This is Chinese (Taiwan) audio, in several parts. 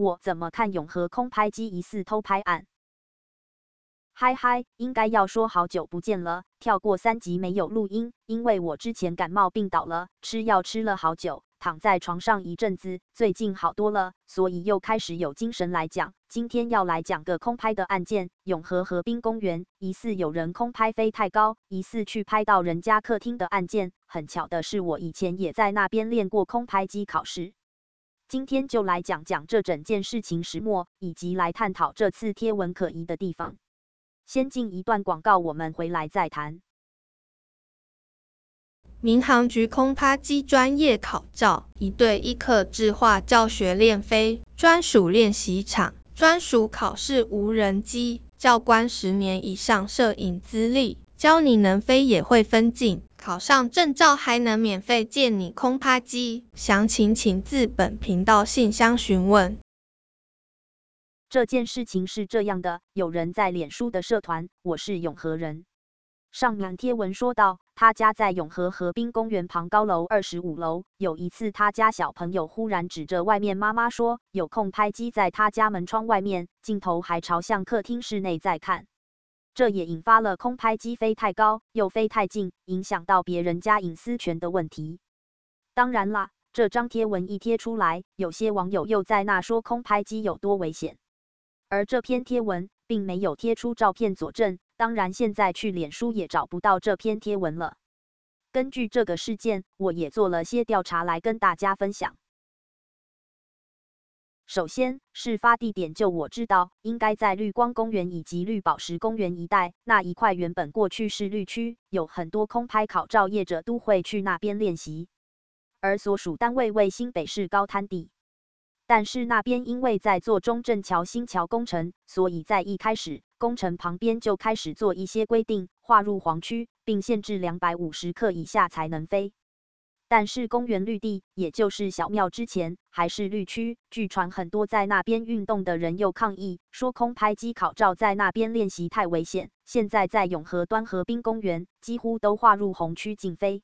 我怎麼看永和空拍機疑似偷拍案？嗨嗨，應該要說好久不見了，跳過三集沒有錄音，因為我之前感冒病倒了，吃藥吃了好久，躺在床上一陣子，最近好多了，所以又開始有精神來講。今天要來講個空拍的案件，永和河濱公園疑似有人空拍飛太高，疑似去拍到人家客廳的案件。很巧的是，我以前也在那邊練過空拍機考試。今天就來講講這整件事情始末，以及來探討這次貼文可疑的地方。先進一段廣告，我們回來再談。民航局空拍機專業考照，一對一客製化教學練飛，專屬練習場，專屬考試無人機，教官十年以上攝影資歷，教你能飛也會分鏡。考上證照還能免費借你空拍機，詳情請至本頻道信箱詢問。這件事情是這樣的，有人在臉書的社團“我是永和人”上面貼文說道，他家在永和河濱公園旁高樓二十五樓，有一次他家小朋友忽然指着外面，媽媽說有空拍機在他家門窗外面，鏡頭還朝向客廳室內在看。這也引發了空拍機飛太高又飛太近，影響到別人家隱私權的問題。當然啦，這張貼文一貼出來，有些網友又在那說空拍機有多危險。而這篇貼文並沒有貼出照片佐證，當然現在去臉書也找不到這篇貼文了。根據這個事件，我也做了些調查來跟大家分享。首先，事發地點，就我知道，應該在綠光公園以及綠寶石公園一帶那一塊，原本過去是綠區，有很多空拍考照業者都會去那邊練習。而所屬單位為新北市高灘地，但是那邊因為在做中正橋新橋工程，所以在一開始工程旁邊就開始做一些規定，劃入黃區，並限制兩百五十克以下才能飛。但是公園綠地，也就是小廟之前還是綠區。據傳很多在那邊運動的人又抗議，說空拍機考照在那邊練習太危險。現在在永和端河濱公園幾乎都劃入紅區禁飛，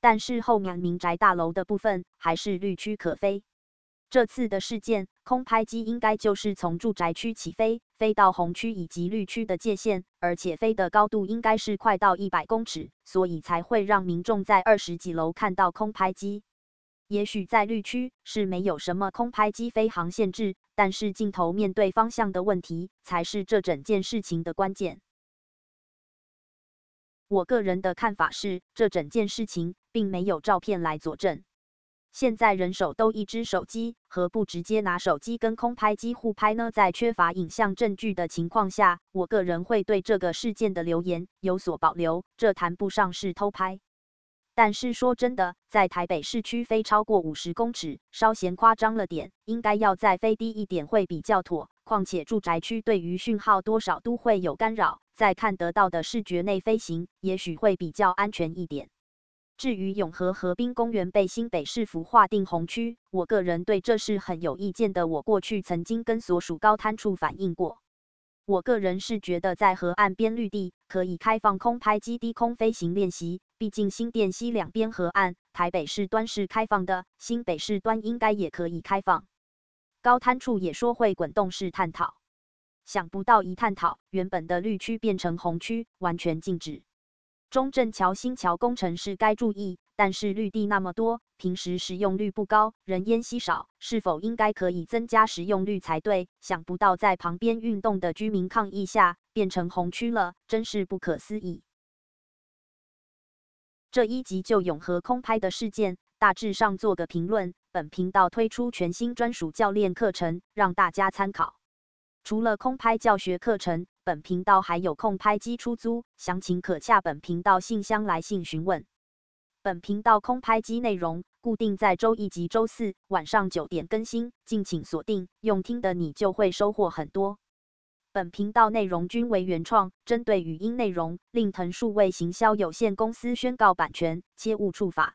但是後面民宅大樓的部分還是綠區可飛。這次的事件，空拍機應該就是從住宅區起飛。飛到紅區以及綠區的界限，而且飛的高度應該是快到一百公尺，所以才會讓民眾在二十幾樓看到空拍機。也許在綠區是沒有什麼空拍機飛航限制，但是鏡頭面對方向的問題才是這整件事情的關鍵。我個人的看法是，這整件事情並沒有照片來佐證。現在人手都一支手機，何不直接拿手機跟空拍機互拍呢？在缺乏影像證據的情況下，我個人會對這個事件的留言有所保留。這談不上是偷拍，但是說真的，在台北市區飛超過五十公尺，稍嫌誇張了點，應該要再飛低一點會比較妥。況且住宅區對於訊號多少都會有干擾，在看得到的視覺內飛行，也許會比較安全一點。至於永和河濱公園被新北市府劃定紅區，我個人對這事很有意見的。我過去曾經跟所屬高灘處反映過，我個人是覺得在河岸邊綠地可以開放空拍機低空飛行練習，畢竟新店溪兩邊河岸，台北市端是開放的，新北市端應該也可以開放。高灘處也說會滾動式探討，想不到一探討，原本的綠區變成紅區，完全禁止。中正橋新橋工程，是該注意，但是綠地那麼多，平時使用率不高，人煙稀少，是否應該可以增加使用率才對？想不到在旁邊運動的居民抗議下，變成紅區了，真是不可思議。這一集就永和空拍的事件，大致上做個評論。本頻道推出全新專屬教練課程，讓大家參考。除了空拍教學課程，本頻道還有空拍機出租，詳情可洽本頻道信箱來信詢問。本頻道空拍機內容固定在周一及周四晚上九點更新，敬請鎖定。用聽的你就會收穫很多。本頻道內容均為原創，針對語音內容，令騰數位行銷有限公司宣告版權，切勿觸法。